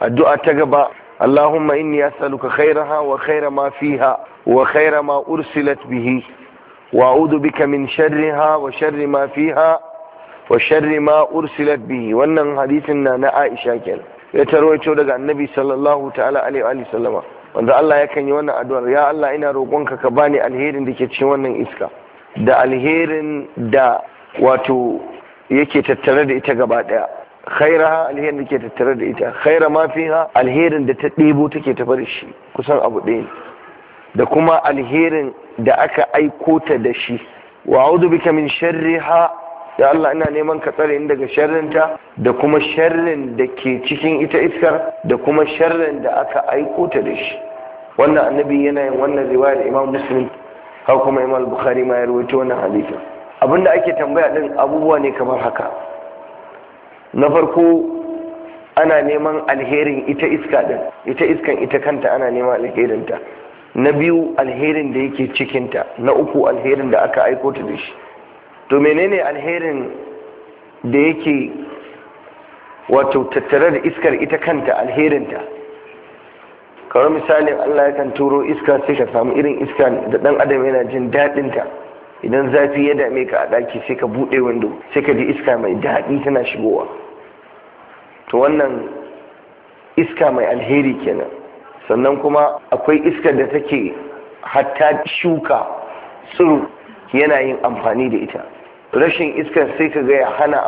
addu'a ta gaba Allahumma inni as'aluka khairaha wa khaira ma fiha wa khaira ma ursilat bihi wa a'udhu bika min sharriha wa sharri ma fiha wa sharri ma ursilat bihi wannan hadisin na na Aisha kenan ya tarwaito daga Annabi sallallahu ta'ala alaihi wa sallama wanda Allah yakan yi wannan addu'ar ya Allah ina roƙonka ka bani alherin da ke cikin wannan iska da alherin da wato yake tattare da ita gaba daya khairaha alherin da ke tattare da ita khaira ma ha, alherin da ta ɗebo take ta da shi kusan abu ɗaya ne, da kuma alherin da aka aiko ta da shi wa a'udhu bika min ha ya Allah ina neman ka tsare ni daga sharrinta da kuma sharrin da ke cikin ita iskar da kuma sharrin da aka aiko ta da shi wannan annabi yana yin wannan riwayar Imam Muslim har kuma Imam Bukhari ma ya rawaito wannan hadisi abinda ake tambaya din abubuwa ne kamar haka na farko ana neman alherin ita iska din ita iskan ita kanta ana neman alherinta na biyu alherin da yake cikinta na uku alherin da aka aiko ta da shi to menene alherin da yake wato tattare da iskar ita kanta alherinta kawai misalin allah ya kan turo iska sai ka samu irin iska da dan adam yana jin ta idan zafi ya dame ka a ɗaki sai ka buɗe wando sai ka ji iska mai daɗi tana shigowa to wannan iska mai alheri kenan sannan kuma akwai iskar da take hatta shuka tsiro yana yin amfani da ita rashin iskar sai ka ga ya hana